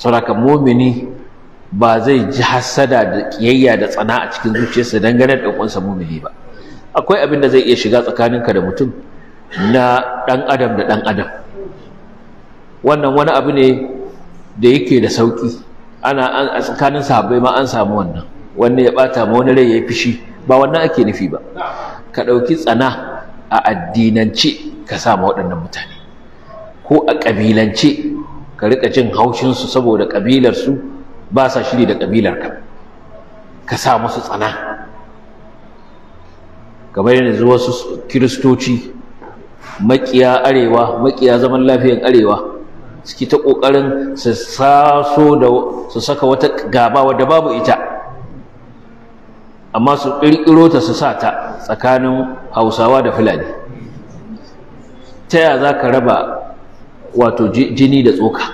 saboda mumini ba zai ji hasada da kiyayya da tsana a cikin zuciyarsa dangane da ɗan'uwansa mumini ba akwai abin da zai iya shiga tsakaninka da mutum na ɗan adam da ɗan adam wannan wani abu ne da yake da sauƙi ana a tsakanin sahabai ma an samu wannan wanda ya ɓata ma wani rai ya yi fishi ba wannan ake nufi ba ka ɗauki tsana a addinance ka sa ma waɗannan mutane ko a ƙabilance ka rika jin haushinsu saboda ƙabilarsu ba sa shiri da ƙabilarka ka sa musu tsana kamar yanzu wasu kiristoci maƙiya arewa maƙiya zaman lafiyar arewa suke ta ƙoƙarin su saso da su saka wata gaba wadda babu ita amma su ƙirƙiro ta su sa ta tsakanin hausawa da fulani ta yaya za ka raba wato jini da tsoka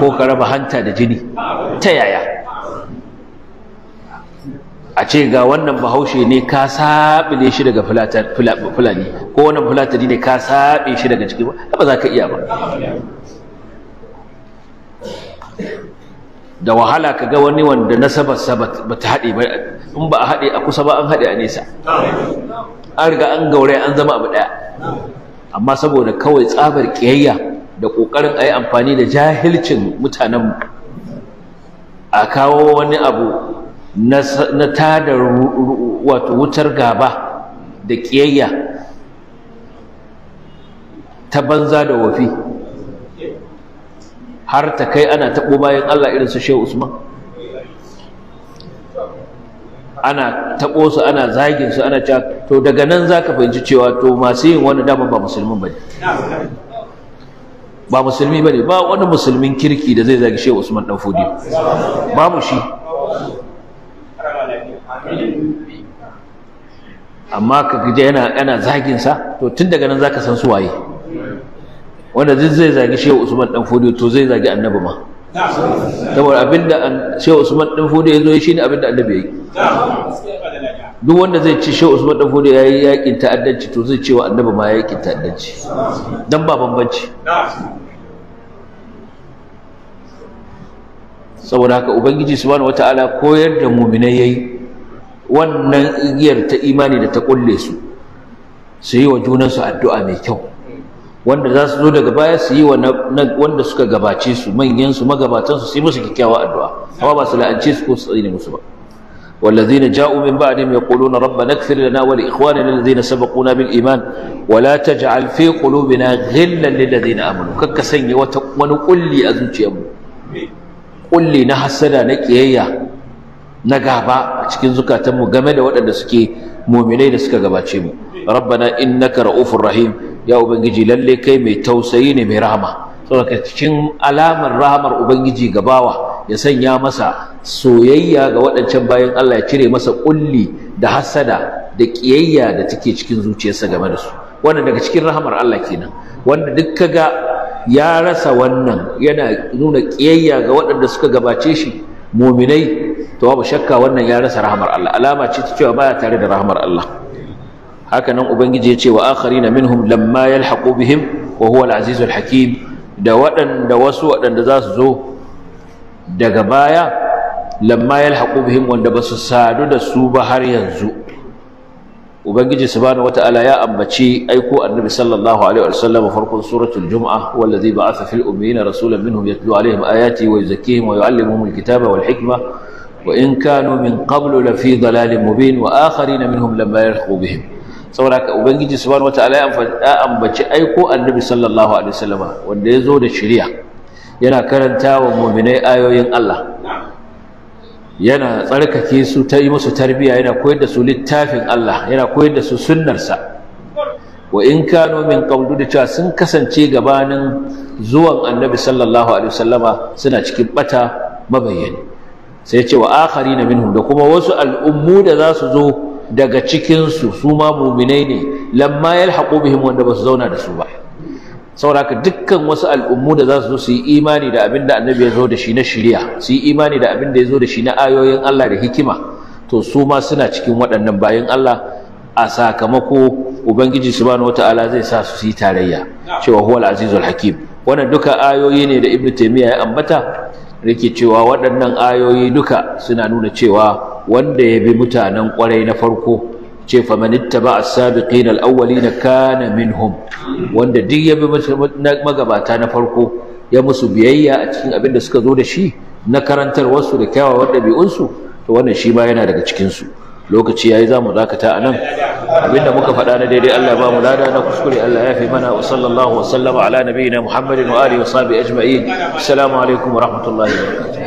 ko ka raba hanta da jini ta yaya a ce ga wannan bahaushe ne ka saɓile shi daga fulani ko wannan fulatari ne ka saɓe shi daga ciki ba za ka iya ba da wahala ka ga wani wanda nasabarsa ba ta haɗe ba in ba a haɗe a kusa ba an haɗe a nesa an riga an gaure an zama abu ɗaya amma saboda kawai tsabar ƙiyayya da ƙoƙarin a yi amfani da jahilcin mutanenmu a kawo wani abu na tada wato wutar gaba da ƙiyayya ta banza da wafi har ta kai ana taɓo bayan Allah irin su Shehu Usman ana taɓo su ana zagin su ana cewa to daga nan za ka fahimci cewa to masu yin wani dama ba musulmin ne? ba musulmi bane ba wani musulmin kirki da zai zagi shehu usman dan ba mu shi amma ka gaje yana ana zagin sa to tun daga nan zaka san su waye wanda zai zagi shehu usman dan Fodi to zai zagi annabi ma saboda abinda shehu usman dan fodiyo yazo shi ne abinda annabi yayi duk wanda zai ci shehu usman dan gode yayi yakin ta'addanci to zai cewa wa annabi ma yakin ta'addanci dan ba bambanci saboda haka ubangiji subhanahu wataala koyar da mu'minai yayi wannan igiyar ta imani da ta kulle su su yi wa junansu addu'a mai kyau wanda za su zo daga baya su yi wa wanda suka gabace su manyan su magabatan su su yi musu kyakkyawa addu'a amma ba su la'ance su ko su tsine musu ba والذين جاءوا من بعدهم يقولون ربنا اكثر لنا ولاخواننا الذين سبقونا بالايمان ولا تجعل في قلوبنا غلا للذين امنوا ككسني كك سني ونقلي قل لي نحسدا نكييا نغابا cikin zukatanmu game da wadanda suke mu'minai da suka gabace mu rabbana innaka raufur rahim ya ubangiji lalle kai mai tausayi ne mai rahama saboda cikin alamar rahamar ubangiji gabawa ya sanya masa soyayya ga waɗancan bayan Allah ya cire masa ƙulli da hasada da ƙiyayya da take cikin zuciyarsa game da su wannan daga cikin rahamar Allah kenan wanda duk kaga ya rasa wannan yana nuna ƙiyayya ga waɗanda suka gabace shi muminai to babu shakka wannan ya rasa rahamar Allah alama ce ta cewa baya tare da rahamar Allah haka nan ubangiji ya ce wa akharina minhum lamma yalhaqu bihim wa huwa al-azizul hakim da waɗanda wasu waɗanda za su zo daga baya lamma yalhaqu bihim wanda basu sadu da su ba har yanzu ubangiji subhanahu wataala ya ambaci aiko annabi sallallahu alaihi wasallam farkon suratul jumu'ah wallazi ba'atha fil ummiyina rasulan minhum yatlu alaihim ayati wa yuzakkihim wa yuallimuhum alkitaba wal hikma wa in kanu min qablu lafi dhalalin mubin wa akharina minhum lamma yalhaqu bihim saboda ubangiji subhanahu wataala ya ambaci aiko annabi sallallahu alaihi wasallam wanda ya da shari'a yana karanta wa muminai ayoyin Allah yana tsarkake su ta yi musu tarbiya yana koyar da su littafin Allah yana koyar da su sunnarsa wa in kano min qablu da cewa sun kasance gabanin zuwan annabi sallallahu alaihi wasallama suna cikin bata mabayyani sai ce wa na minhum da kuma wasu al'ummu da za su zo daga cikinsu su ma muminai ne lamma yalhaqu bihim wanda ba su zauna da su ba saboda dukkan wasu al'ummu da za su zo su yi imani da abin da annabi ya zo da shi na shirya su yi imani da abin da ya zo da shi na ayoyin Allah da hikima to su ma suna cikin waɗannan bayan Allah a sakamako ubangiji subhanahu wataala zai sa su yi tarayya cewa huwal azizul hakim wannan duka ayoyi ne da ibnu taymiya ya ambata Rike cewa waɗannan ayoyi duka suna nuna cewa wanda ya bi mutanen ƙwarai na farko ce faman ittaba as-sabiqin al-awwalin kana minhum wanda duk ya bi magabata na farko ya musu biyayya a cikin abin da suka zo da shi na karantar wasu da kyawawan ɗabi'unsu to wannan shi ma yana daga cikin su lokaci yayi zamu dakata anan abinda muka faɗa na daidai Allah ba mu lada na kuskure Allah ya fi mana wa sallallahu wa sallama ala nabiyyina Muhammadin wa alihi wa sahbihi ajma'in assalamu alaikum wa rahmatullahi wa barakatuh